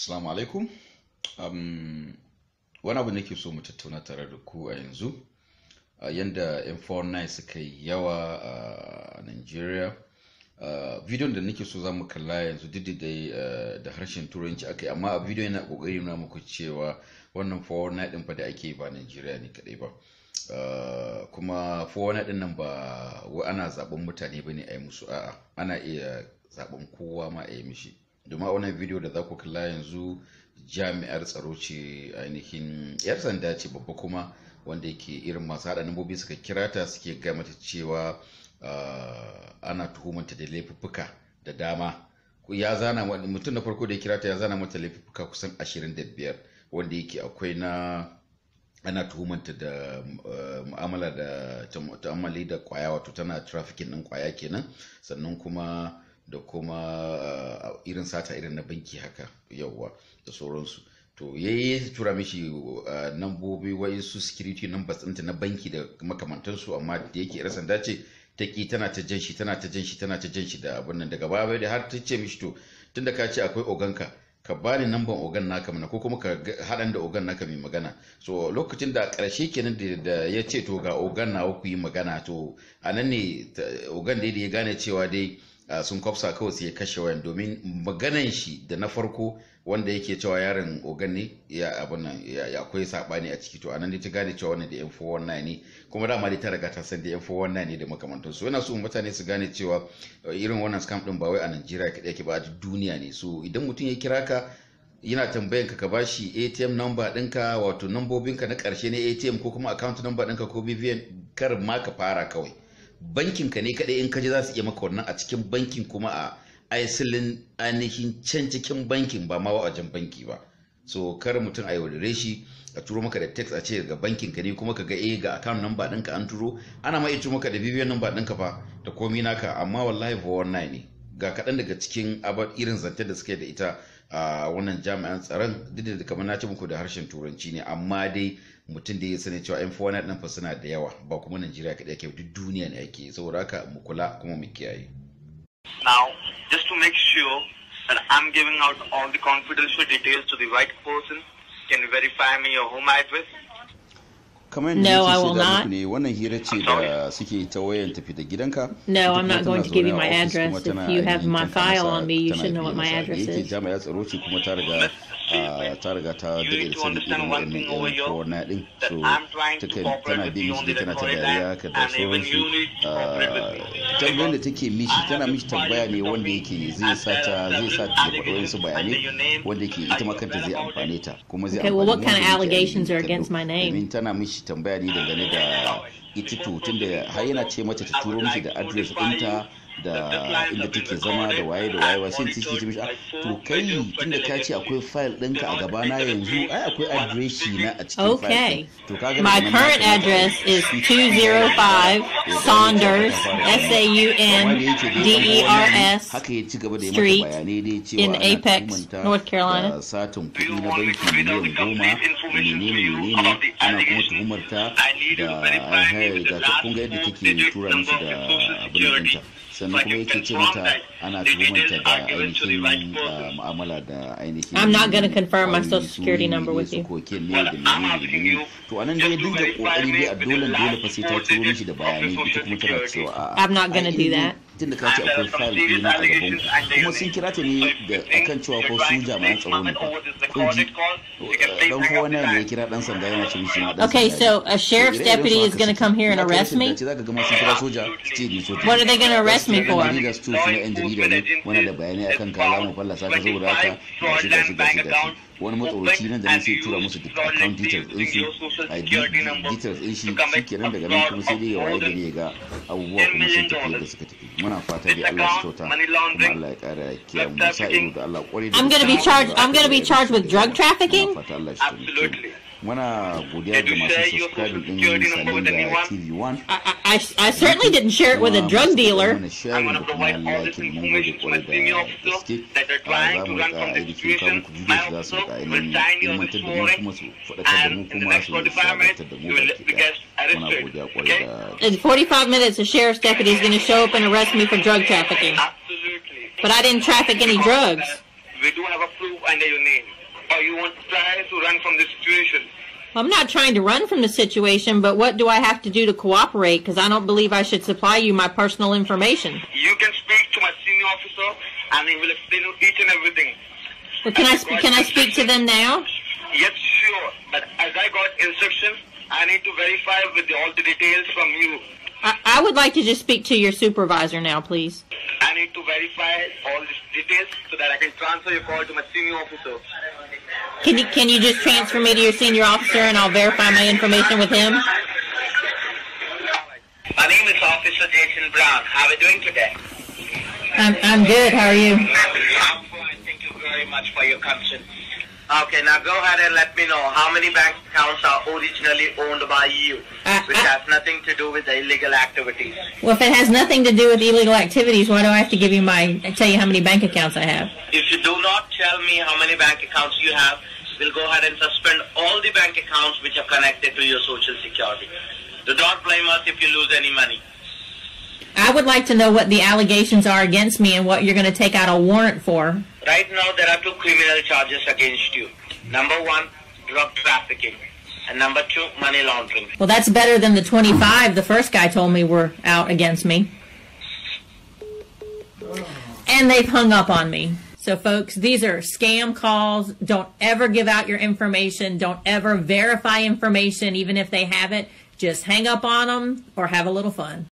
Assalamu alaikum. Um, wani abu nake so mu tattauna tare da ku a yanzu, uh, yanda M49 suka yi yawa uh, a Nigeria. Uh, bidiyon da nake so za mu kalla yanzu duk da uh, da harshen turanci aka yi amma a bidiyon yana kokari na muku cewa wannan 49 din fa da ake ba Nigeria ne kadai ba. Uh, kuma 49 din nan ba wai ana zaben mutane bane a yi musu a'a ana iya zaben kowa ma a yi mishi. domin a wannan video da za ku kalla yanzu jami'ar tsaro ce ainihin yar sanda ce babba kuma wanda yake irin masu haɗa nambobi suka kira ta suke gaya mata cewa ah, ana tuhumanta da laifuffuka da dama ya zana mutum na farko da ya kira ta ya zana mata laifuka kusan 25 wanda yake akwai na ana tuhumanta da ah, mu'amala da ta'amali da kwaya wato tana trafficking din kwaya kenan sannan kuma da kuma eh, irin sata irin na banki haka yawwa da sauransu to ya tura mishi eh, nambobi wa su security number ɗinta na banki da makamantarsu amma da yake yar dace ce ta ki tana ta jan shi tana ta jan shi tana ta jan shi da abin nan daga baya da har ta ce mishi to tun da ka ce akwai oganka ka bani namban ogan naka mana ko kuma ka haɗan da ogan naka mai magana so lokacin da ƙarshe kenan da ya ce to ga ogan na ku yi magana to a nan ne ogan da ya gane cewa dai Ah, sun kwafsa kawai sai ya kashe wayan domin maganan shi da na farko wanda yake cewa yaron ogan ne ya abun nan ya akwai sabani a ciki to anan dai ta gane cewa wannan da yan 419 ne kuma dama dai ta riga ta san da yan 419 ne da makamantan su yana so mutane su gane cewa eh, irin wannan scam din ba wai a Najeriya kadai yake ba a duniya ne so idan mutum ya kira ka yana tambayan ka ka bashi ATM number dinka wato nambobinka na karshe ne ATM ko kuma account number dinka ko BVN kar ma ka fara kawai bankin ka ne kadai in ka ji za su iya maka wannan a cikin bankin kuma a aisilin ainihin can cikin bankin ba ma wajen banki ba so kar mutum a yaudare shi a turo maka da text a ce ga bankin ka ne kuma ka ga e ga account number dinka an turo ana ma iya turo maka da bibiyan number a fa da komi naka amma wallahi 419 ne ga kadan daga cikin abar irin zantar da suke da ita a wannan jami'an tsaron duk da kamar na ci muku da harshen turanci ne amma dai mutum da ya sani cewa yan fawana nan fa suna da yawa ba kuma najeriya kaɗai ake duk duniya ne ake saboda haka mu kula kuma mu kiyaye. now just to make sure that i'm giving out all the confidential details to the right person can verify me your home address kamar no, I will not. ne wannan hira ce da suke ta wayan tafi da gidanka no i'm not going to give you my address if you have my file on me you should know what my address is tsaro ce kuma ta riga Ah, ta riga ta dade da sanin irin wa'annan ko corona din so takan tana bi mishi tana ta dariya ka da sauransu ah, tambayar da take mishi tana mishi tambaya ne wanda yake zai sa ta zai sa ta faɗo wasu bayanai wanda yake ita ma kanta zai amfane ta kuma zai amfane what kind of allegations are against my name tana mishi tambaya ne dangane da ita to tunda har yana ce mata ta turo mishi da address ɗinta da inda take zama da waye da waye wasu ta suke mishi to kai tunda ka ce akwai file ɗinka a gaba na yanzu ai akwai adireshi na a cikin okay to ka kaga my current address is 205 Saunders S A U N D E R S haka ya ci gaba da yi mata bayanai dai cewa in Apex North Carolina da satin kuɗi na banki miliyan goma menene menene ana kuma tuhumarta da ai haya da ta kunga yadda take tura mishi da abin da da I'm not going to confirm my social security number with you to anan kokari a dole dole fa sai ta turo mishi da ita kuma tana cewa I'm not going to do that tun da ka ce akwai ɗin na kuma sun kira ta ne da akan cewa ko tsaro ne ko ji dan kowa na ne kira dan sanda yana ma dan Okay so a sheriff's deputy is going to come here and arrest me zaka ga ma sun kira soja ce What are they going to arrest me for? su ne ne wani da akan wani matsauci nan da ne sai tura musu duk account details din su ID details din shi shikenan daga nan kuma sai dai ya waye gari ya ga abubuwa kuma sun tafi da suka tafi muna fata dai Allah ya kyauta kuma Allah ya kara kiyaye mu I'm going to be charged I'm going to be charged with drug trafficking Absolutely TV1. I, I certainly didn't share it with a drug dealer. In 45 minutes a sheriff's deputy is going to show up and arrest me for drug trafficking. Absolutely. But I didn't traffic any uh, drugs. We do have a proof under your name or you want to try to run from the situation? I'm not trying to run from the situation, but what do I have to do to cooperate? Because I don't believe I should supply you my personal information. You can speak to my senior officer, and he will explain each and everything. But can I, can I speak to them now? Yes, sure. But as I got instructions, I need to verify with all the details from you. I, I would like to just speak to your supervisor now, please need to verify all these details so that I can transfer your call to my senior officer. Can you can you just transfer me to your senior officer and I'll verify my information with him? My name is Officer Jason Brown. How are you doing today? I'm I'm good. How are you? I'm fine. Thank you very much for your concern. Okay, now go ahead and let me know how many bank accounts are originally owned by you, uh, which I, uh. has nothing to do with the illegal activities. Well, if it has nothing to do with illegal activities, why do I have to give you my tell you how many bank accounts I have? If you do not tell me how many bank accounts you have, we'll go ahead and suspend all the bank accounts which are connected to your social security. Do not blame us if you lose any money. I would like to know what the allegations are against me and what you're going to take out a warrant for. Right now, there are two criminal charges against you. Number one, drug trafficking. And number two, money laundering. Well, that's better than the 25 the first guy told me were out against me. And they've hung up on me. So, folks, these are scam calls. Don't ever give out your information. Don't ever verify information, even if they have it. Just hang up on them or have a little fun.